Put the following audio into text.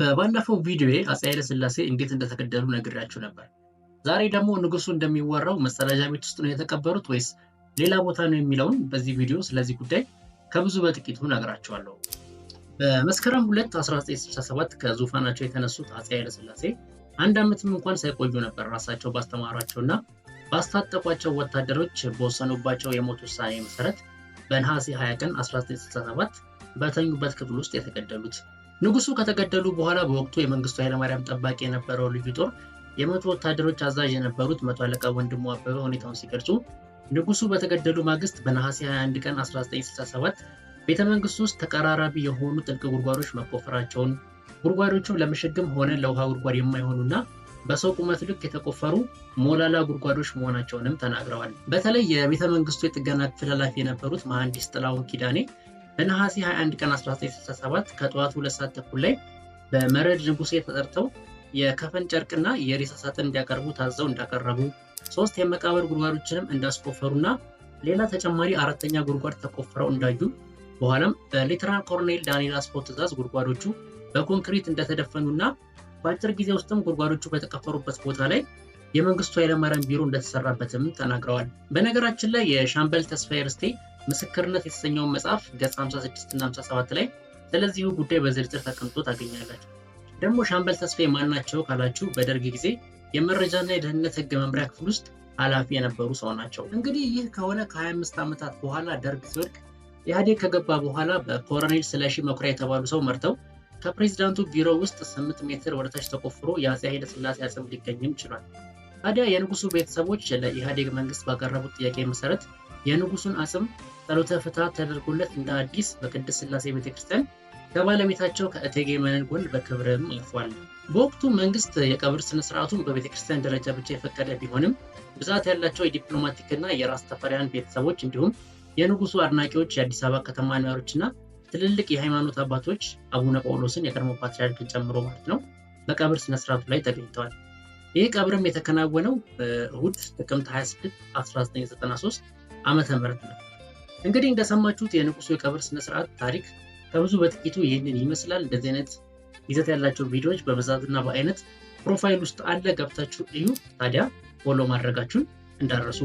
በባለፈው ቪዲዮ አፄ ኃይለ ሥላሴ እንዴት እንደተገደሉ ነግሬያችሁ ነበር። ዛሬ ደግሞ ንጉሱ እንደሚወራው መጸዳጃ ቤት ውስጥ ነው የተቀበሩት ወይስ ሌላ ቦታ ነው የሚለውን በዚህ ቪዲዮ ስለዚህ ጉዳይ ከብዙ በጥቂቱ ነግራችኋለሁ። በመስከረም 2 1967 ከዙፋናቸው የተነሱት አፄ ኃይለ ሥላሴ አንድ ዓመትም እንኳን ሳይቆዩ ነበር ራሳቸው ባስተማሯቸውና ባስታጠቋቸው ወታደሮች በወሰኑባቸው የሞት ውሳኔ መሰረት በነሐሴ 20 ቀን 1967 በተኙበት ክፍል ውስጥ የተገደሉት። ንጉሱ ከተገደሉ በኋላ በወቅቱ የመንግስቱ ኃይለማርያም ጠባቂ የነበረው ልዩ ጦር የመቶ ወታደሮች አዛዥ የነበሩት መቶ አለቃ ወንድሙ አበበ ሁኔታውን ሲገልጹ ንጉሱ በተገደሉ ማግስት በነሐሴ 21 ቀን 1967 ቤተ መንግስቱ ውስጥ ተቀራራቢ የሆኑ ጥልቅ ጉድጓዶች መቆፈራቸውን፣ ጉድጓዶቹም ለምሽግም ሆነ ለውሃ ጉድጓድ የማይሆኑና በሰው ቁመት ልክ የተቆፈሩ ሞላላ ጉድጓዶች መሆናቸውንም ተናግረዋል። በተለይ የቤተ መንግስቱ የጥገና ክፍል ኃላፊ የነበሩት መሐንዲስ ጥላሁን ኪዳኔ በነሐሴ 21 ቀን 1967 ከጠዋቱ ሁለት ሰዓት ተኩል ላይ በመረድ ንጉሴ ተጠርተው የከፈን ጨርቅና የሬሳ ሳጥን እንዲያቀርቡ ታዘው እንዳቀረቡ ሶስት የመቃብር ጉድጓዶችንም እንዳስቆፈሩና ሌላ ተጨማሪ አራተኛ ጉድጓድ ተቆፍረው እንዳዩ በኋላም በሌተናል ኮሎኔል ዳንኤል አስፖ ትእዛዝ ጉድጓዶቹ በኮንክሪት እንደተደፈኑና በአጭር ጊዜ ውስጥም ጉድጓዶቹ በተቀፈሩበት ቦታ ላይ የመንግስቱ ኃይለማርያም ቢሮ እንደተሰራበትም ተናግረዋል። በነገራችን ላይ የሻምበል ተስፋዬ ርስቴ ምስክርነት የተሰኘውን መጽሐፍ ገጽ 56 እና 57 ላይ ስለዚሁ ጉዳይ በዝርዝር ተቀምጦ ታገኛላችሁ። ደግሞ ሻምበል ተስፋዬ ማን ናቸው ካላችሁ በደርግ ጊዜ የመረጃና የደህንነት ህግ መምሪያ ክፍል ውስጥ ኃላፊ የነበሩ ሰው ናቸው። እንግዲህ ይህ ከሆነ ከ25 ዓመታት በኋላ ደርግ ሲወድቅ ኢህአዴግ ከገባ በኋላ በኮሎኔል ስለሺ መኩሪያ የተባሉ ሰው መርተው ከፕሬዚዳንቱ ቢሮ ውስጥ 8 ሜትር ወደታች ተቆፍሮ የአፄ ስላሴ አጽም ሊገኝም ችሏል። ታዲያ የንጉሱ ቤተሰቦች ለኢህአዴግ መንግስት ባቀረቡት ጥያቄ መሰረት የንጉሱን አጽም ጸሎተ ፍትሐት ተደርጎለት እንደ አዲስ በቅድስት ስላሴ ቤተክርስቲያን ከባለቤታቸው ከእቴጌ መነን ጎን በክብርም አርፏል። በወቅቱ መንግስት የቀብር ስነስርዓቱን በቤተክርስቲያን ደረጃ ብቻ የፈቀደ ቢሆንም ብዛት ያላቸው የዲፕሎማቲክና የራስ ተፈሪያን ቤተሰቦች እንዲሁም የንጉሱ አድናቂዎች የአዲስ አበባ ከተማ ነዋሪዎችና ትልልቅ የሃይማኖት አባቶች አቡነ ጳውሎስን የቀድሞ ፓትሪያርክን ጨምሮ ማለት ነው በቀብር ስነስርዓቱ ላይ ተገኝተዋል። ይህ ቀብርም የተከናወነው እሁድ ጥቅምት 26 1993 ዓመተ ምህረት ነው። እንግዲህ እንደሰማችሁት የንጉሱ የቀብር ስነስርዓት ታሪክ ከብዙ በጥቂቱ ይህንን ይመስላል። እንደዚህ አይነት ይዘት ያላቸው ቪዲዮዎች በብዛትና በአይነት ፕሮፋይል ውስጥ አለ፣ ገብታችሁ እዩ። ታዲያ ፎሎ ማድረጋችሁን እንዳረሱ